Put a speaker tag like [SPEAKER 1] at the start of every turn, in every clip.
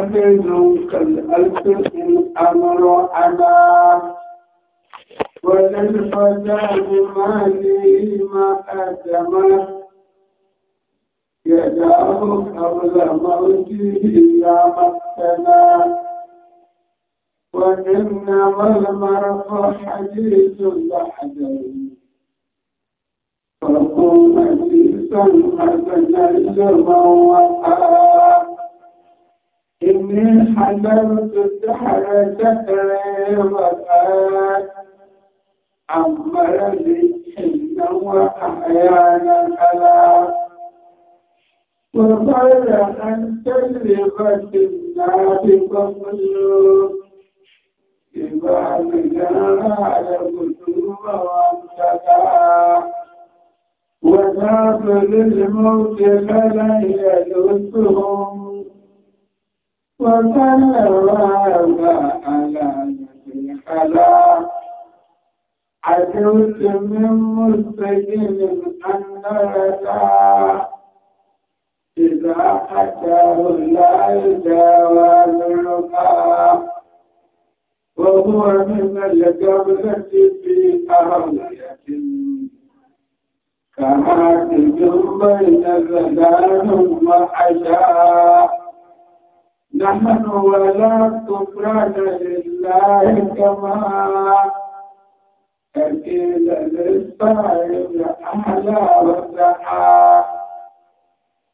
[SPEAKER 1] أبدوا كالأسف أمر أنا مالي ما أدمه يداه قبل موته يا مقتنا وإنما المرء حديث بحدين فقوم حديثا حسنا لمن وقال إني حملت السحرة رغبا عن مرض حين وأحيانا ألا وقال أن تجربة النار قبل إمامنا على قدوم وامتدى وذاب للموت فلن يدرسهم وصلى الله على نبي خلا عدوت من مستقيم أن رضا إذا حكاه لا يداوى الرقى وهو من القبلة في كما كهاتف بين غلام وحشاء نحن ولا كفران لله كما أكيد للصائم أحلى وسعى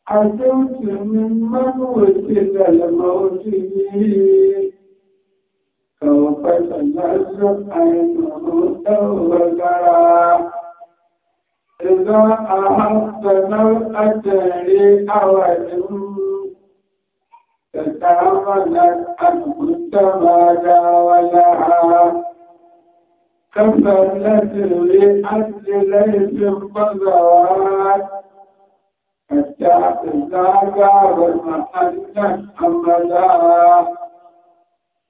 [SPEAKER 1] عزمت ممن وكل الموت سوف تنزل عينه تولا إذا أحبنا الأجر أوجه تتعملت عنه السماء ولها كفلت الريحة ليس القذوات حتى إذا قاب المحنة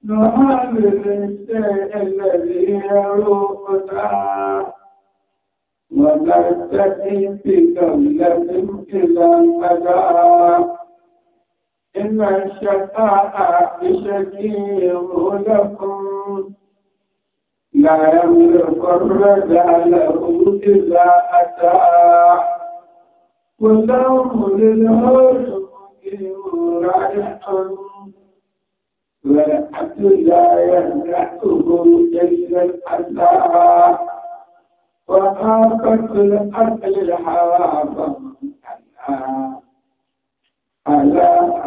[SPEAKER 1] نحاول الشيء الذي يروقنا ونرتقي في كلمة إلى القضاء إن الشفاعة بشفيع لكم لا يملك الرجاء له إلا أتى كلهم للهرم رائح والعبد لا يمنعه إلا الأتى وآفة الأكل الحرام ألا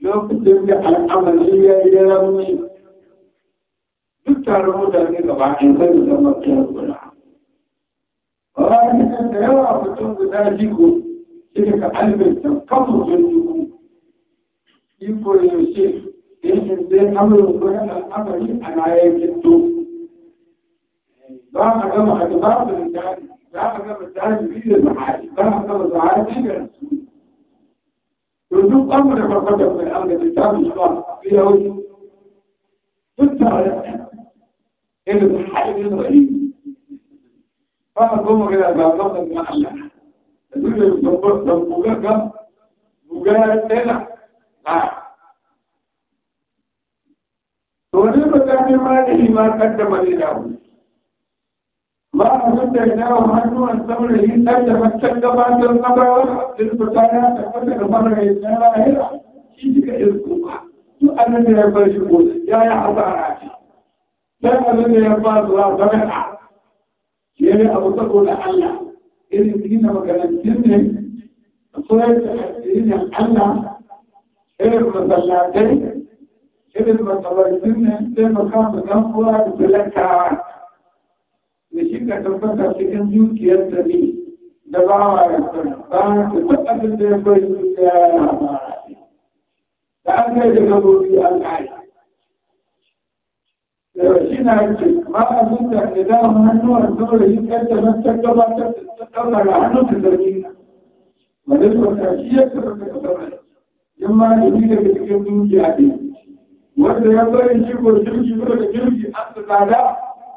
[SPEAKER 1] lokacin da al'amari ya yi rauni duk taron mutane gaba ɗaya zai zama kiyar guda. Bayan da yawa mutum guda jiko shi daga albaitan kan mutum jiko. Iko yaushe yankin zai amurin guda al'amari a nayan gito. Ba a gama a gaba da za a gama tajiri da zahari, ba a gama zahari da rasu. duk an mana farfata mai an da littafin ba ya wuce duk tare irin haɗin rai ba a goma gada ga gaban na Allah da duk da babbar da buga ga buga ya tsela ba to ne ba ta ne ma da shi ma kaddama ne da wuri ba a zanta ya dawo hannuwan saurayi ɗan da macen gabatar nabawa ilfuta ya tabbata da mara ya tsara lahira shi suka ilfu ba duk annan da ya bar shi ko ya yi hasara ce dan abin da ya ba su za su rana shi ne abu saboda Allah irin gina makarantun ne a koyar da addinin Allah irin masallatai irin masallatai ne sai makamu kan kowa da talakawa da shi ka tabbata cikin zuciyar ta ne da ba wa ya ba ta duk abin da ya bai zuciya yana ba da an kai da gabobi an kai da shi na yake ma abin da ke da hannuwan dole yi kanta na ta gabatar da ta ɗaukar hannun da zarina wanda su ka shi ya tabbata da kamar in ma da shi daga cikin zuciya ne wanda ya bari shi ko jirgi ko da jirgi an tsada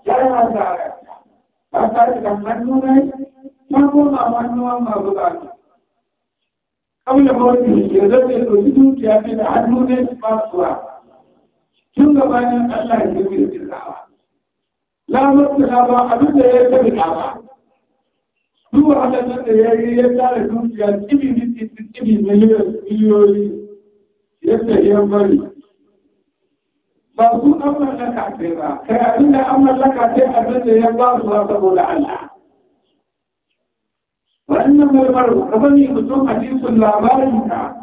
[SPEAKER 1] ya yi hasara ba tare da hannu na yi ta koma hannuwan masu baki kawai da mawani ya zaɓe ɗauki dukiya ne da hannu ne ba su ba tun gabanin allah ya zubi da jirgawa lamar da ba abin da ya zaɓe ta ba duk wahalar da ya yi ya tara dukiya tsibi miliyoyi ya tsaye bari ba su an mallaka ce ba kai abin da an mallaka ce abin da ya ba su ba saboda Allah wannan mai maru ka sani mutum a cikin labarin ka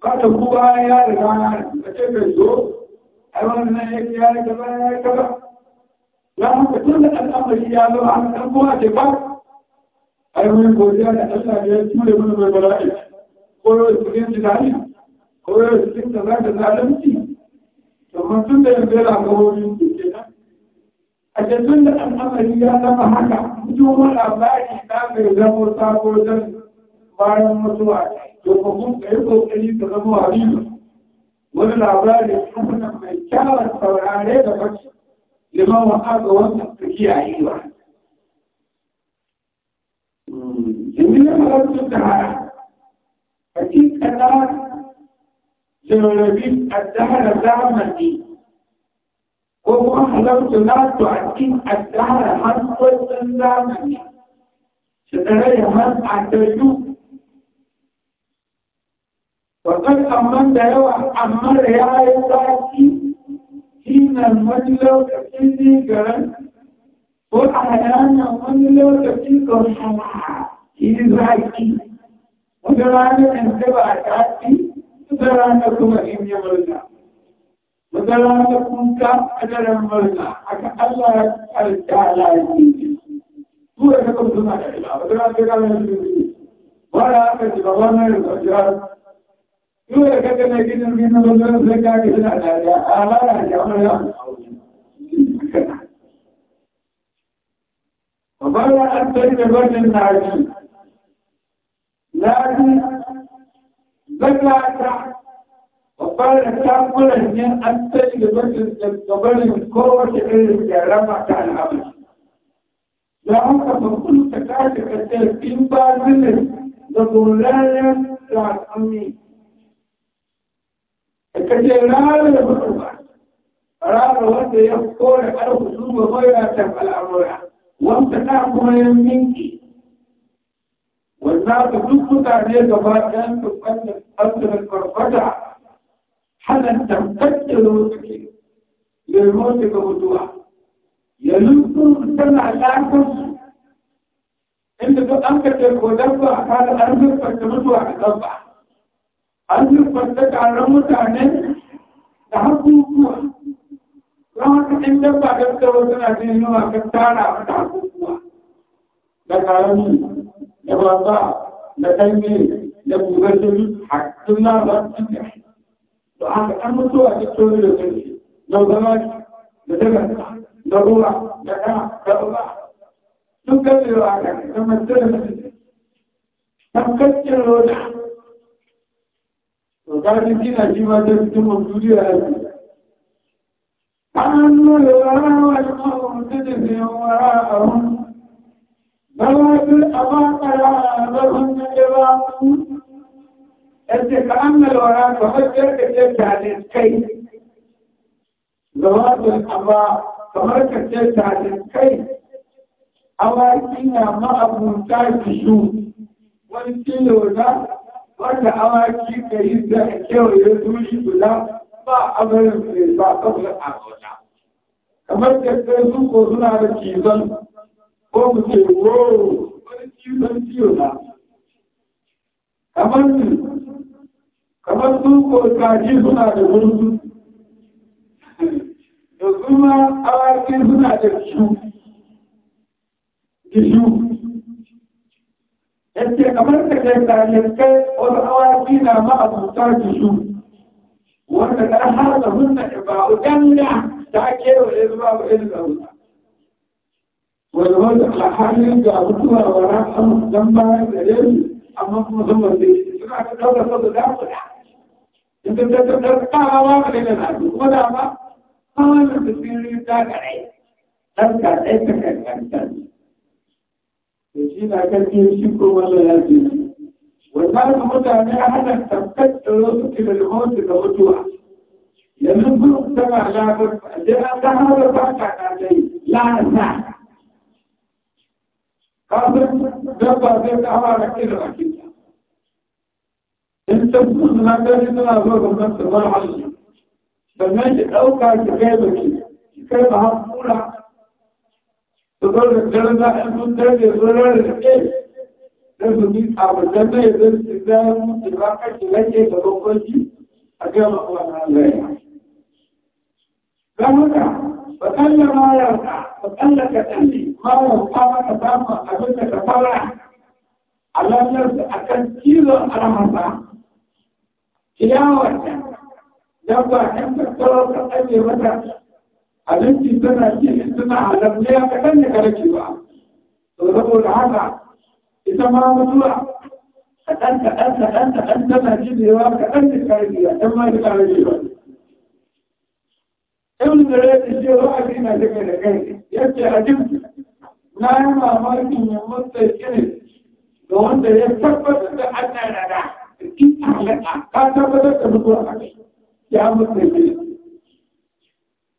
[SPEAKER 1] ba ta kuwa ya riga da ce bai zo ai wannan ya ya riga ba ya ka ba ya haka tun da al'amari ya zo an kan kowa ce ba ai mun godiya da Allah ya tura mana mai bala'i ko yau cikin jidali ko yau cikin da za ta zalunci domin tun da yanzu yana ga wani ke nan a jaddun da al'amari ya zama haka mutuwar labari na mai zama sabo don bayan mutuwa domin mun ka yi kokari ta zama wariyo wani labari kuma mai kyawar saurare da bacci liman wa aka wannan ta kiyaye ba. Jami'in da harkar da hakika na لنريد الدهر الرحمة وهو حلوت لا تؤكد الدهر حسوة الرحمة سترى يمن عدلو وقد أمن دعوة أمر يا إساكي حين المجلو تكيدي كرن وأحيانا المجلو تكيدي كرن إذاكي وجرانا انتبه أتاكي مدرانكم إن يمرنا مدرانكم كأجر مرنا حكا الله تعالى هو يكتب سنة إلا مدرانك على الجميع ولا أكتب وانا الأجراد هو يكتب لكن من مدران زكاة سنة إلا آلا يا وقال أنت إذا رجل ناجي لكن zakata وقال تقول أن أنتج بس قبل قوة علم جرمة عن عمل لأنك فقل تكاتك التلقين بازل لضلالا عن أمي كجلال الخطبة أراد وانت يقول أرى خصوبة غيرة الأمر تعمل منك والنار تدخل عليه كبار كان تقلل أصل القرفجع حتى تمتد لموتك لموتك بدوع يلف سمع الأعكس أنت تؤكد ودفع قال أنزل فتمت وأتدفع أنزل فتك على رموت عنه تحب وقوع راك إن دفع دفع وزن أدينه وكتانا فتحب وقوع لك على مينة wasa na ɗanye na bugatun haƙƙuna ba su ne to an ka an mutu a cikin da kanshi na zama da daga na ruwa da ɗa da ruwa sun kalli wa ga kama tsirra tabbaccin roda to kafin kina shi ma ta fito mun duniya ya ce an nuna wa wani ma'amutun da zai wa ra'ahun ba wa duk su yace ka annal wara ka hajjar ka ce kai kamar ka ce tare kai awaki na ma'abunta kishu wani kilo da wanda awaki ka yi da kewaye duri guda ba abarin mai ba kawai a gona kamar ko suna da cizon ko wani kamar duko kaji suna da gurgu da kuma awaki suna da gishu yake kamar da kai tarihinkai wasu awaki na ma'abuta gishu wanda ta har da hunna iba'u danya da ake waje zuwa ba irin da wuta wani wanda a halin ga mutuwa wa ra'an don bayan da yanzu amma kuma sun wanda suna ta kaura sau da damu da in ta ta ta kara wa ka daga nasu kuma da ma kawai da sun yi ta ga rai dan ka ɗai ta kankanta to shi na karfe shi ko wanda ya ce wanda ka mutane a hana tabbatar su kira da mawata da mutuwa yanzu kuma tana lafar da an ta hana ba ta ta dai lasa kafin dabba zai ta hawa da kira a kinta in ta suna gani suna zo da nan su zama halin sannan ki ɗauka ki kai da ki ki kai da hankula su zo da jirin na ɗan sun dare zo rarra da ke da su bi a wajen da ya zai su zai mutu ba kashi lake da rokoki a gama kuma na Allah ya فهذا فقل ما يرفع فقل كتلي ما يرفع كتام أبدا كفرع على الناس أكثير على مرضى تلاوة دبا كم تكترى تقلي مدى أبنتي سنة كي سنة على بليا كتلي كركبا ورغو العادة إذا ما مطلع أنت أنت أنت أنت ما جيبي وكأنت كارجيا أما كارجيا ibn da ya ce ra'ayi na daga da kai yace hadin na yi mamakin ya mutsa shi ga wanda ya tabbatar da Allah na da in halaka ka tabbatar da mutuwa a kai ya mutsa shi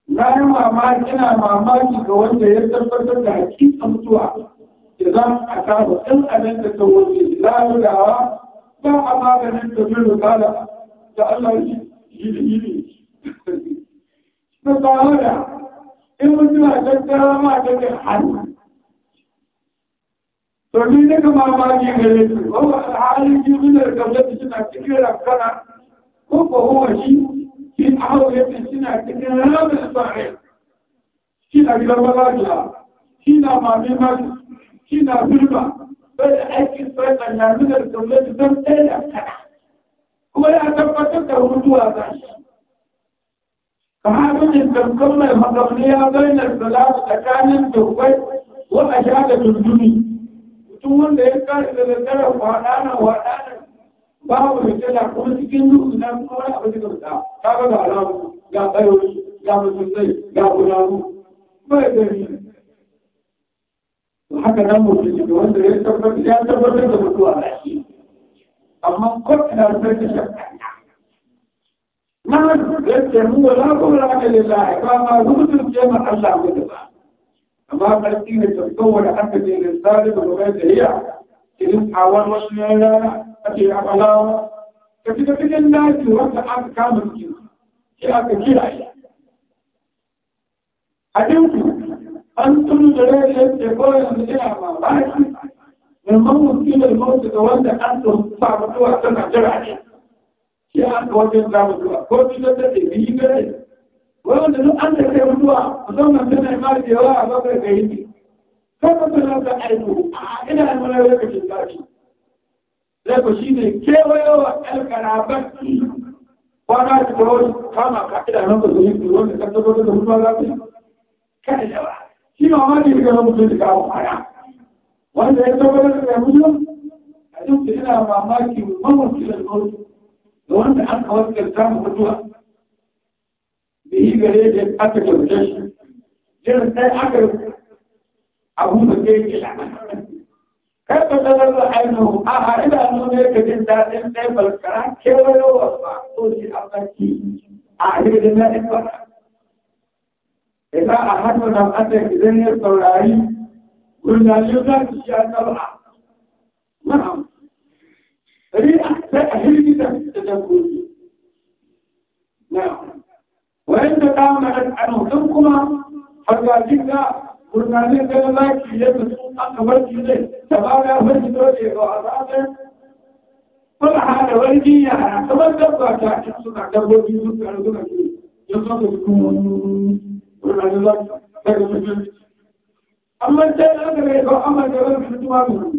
[SPEAKER 1] na yi mamaki na mamaki ga wanda ya tabbatar da hakika mutuwa da za a kama ɗan abin da ta wuce lalurawa ba a maganin da zai da Allah shi yi مقاولة إن مجمع جدرا ما جدر حل تولينا كما ما جيغلت هو الحالي جيغل القبلة سنة تكير أفكرا وهو شيء في حاولة سنة تكير لا بإصباعي شيء أجل مراجعة شيء ما بمجلس شيء ما بمجلس بل أكل فإن من القبلة سنة تكير أفكرا ولا تبقى تكير وجوها باشا فهذه القمة المقبلية بين الصلاة تكان تقوي وأشادة الدنيا وتقول لك إذا ذكر وأنا وأنا babu da tana kuma cikin duhu na kuma wani abu da ta ta ga alamu ga bayoni ga musulmai ga gudamu bai gari haka nan mutum da wanda ya tabbatar ya tabbatar da mutuwa a shi amma kwatanta ta shakka ما يتهموا لا قبل لله فما نقدر جمع الله مدفع أما فلسطين تتطور حتى في الإنسان والغاية هي تلف حوال وشنا أتي أبلا كتب كل الناس وقت كامل كيف كيف كيف أدمت أنتم جلالة يقول أن ما من ممكن الموت كوانا أنتم صعبتوا أحسن جرعين shi an ka wajen za mutuwa ko cutar da ke biyi gare wanda duk an da kai mutuwa musamman tana ma da yawa a babar gari ne kan ka tana da aiko a ina da mana lokacin zafi sai ku shi ne kewayowa ƴan karabar kwana da kawai kama ka ina nan ba su yi turo da kan tabbatar da mutuwa zafi kada yawa shi ma ma ne ga mutum da kawo kwana wanda ya tabbatar da mutuwa a duk ina mamakin mamakin da mutuwa لو أنت حتى وقت الكام خطوة بيجي ليه أكل وجش جل ساي أكل أبو مكين كلا كيف تدل عينه آخر آه، إذا أنه يكتب ذاتين تيب الكرام كيف لو أصبح توشي أبكي آخر لما إكبر إذا أحد من أمأتك ذنير طوراري قلنا يوجد شيئا تبعا نعم ريحة تأهيل تتكون نعم وإن تتعامل عنه تنكما حتى جدا برنامج الله کی یہ مسئول اکبر چیزیں سوال احمد جو لے گو آزاد ہے پر حال ورگی یا اکبر جب کا چاہتا سنا کر وہ بھی سن کر دو نکی جو سب سکون برنامج اللہ تک مسئول عمل سے لگ رہے گو عمل جب رکھتوا بھی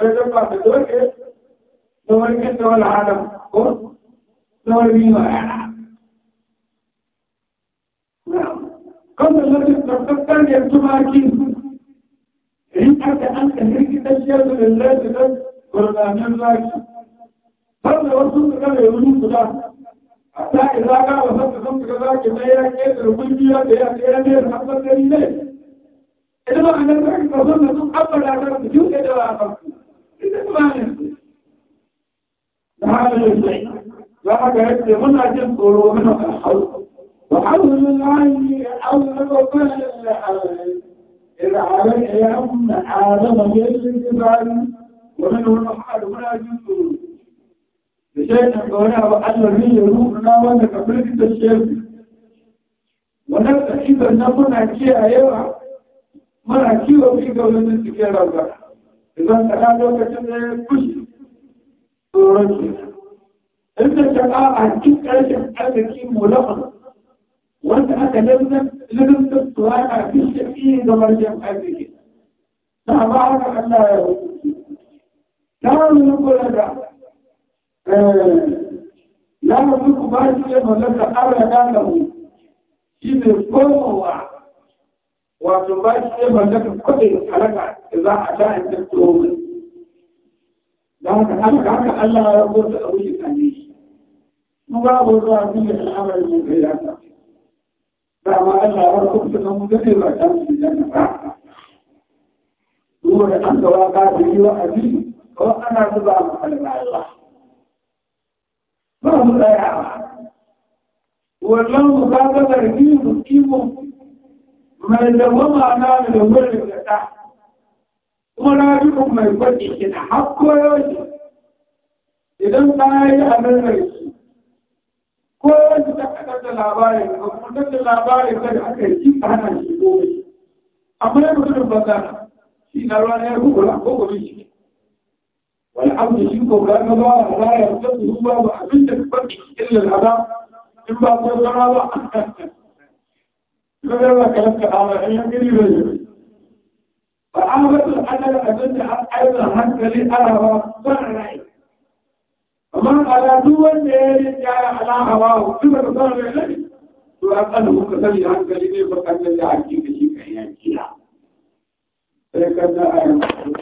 [SPEAKER 1] فلما تدرك نور جد والعالم قل نور مين والعالم قبل الذي تفكر يكتبها كيف حتى أنت هيك تشير لله تدرك ولا من لك قبل وصلت كما يقولون كذا حتى إذا قال وصلت ان كذا كما يأكل ربي فيها فيها فيها فيها فيها فيها فيها فيها فيها فيها فيها فيها فيها فيها فهذا يبدي هنا جنطر منه الحلق وحول العين حول وبال العين إذا علي أم آدم من الجبال ومنه الأحد ولا جنطر بشيء قولا وأن لي يروحنا وأن كفرك الشيخ ونبدأ إذا نمنا كي أيوة mana kiwo shi ga wani cikin rauka idan ta kawo lokacin da ya kushe tsoron shi انت جماعة كيف اجب انا كيف ملاحظة وانت انت لازم لازم تطلع على كل شيء دمار جمع هذه كده ما ان لا يوجد نقول هذا لا نقول كبار شيء ملاحظة قبل ان نعلم شيء قوة وكبار شيء ملاحظة قبل ان نعلم اذا حتى انت لكن لا تحرك عنك الله يقول له ابوي مقابل ذاتي العمل من في الجنة فما ألا ركبت المدربة كان في الجنة دون أن تواقعته وأبي وأنا تبع مع الله ما هو لا يعلم والله مقابل ركيب مقيم ما لو ما نال الأول لتحت ولا يكون ما يقول إن حقه يوجد إذا ما يعمل ko yanzu ta kadar da labarin ka kuma da labarin ka da aka yi shi ka hana shi gobe amma ya mutu da banza shi na ruwa ya rubuta ko gobe shi wani abu da shi ko ga ga ba ba ya ta su ba ba abin da ba illa azab in ba ko zama ba ko da ba kala ka amma in ya gani ba ba amma da Allah da abin da har ayyukan hankali Allah ba ba rai amma ala duk wanda ya yi ya ala hawa duk da ba mai rai to a kan mu ka sani hankali ne ba kan da hakki da shi kan yanki sai kan da ayyuka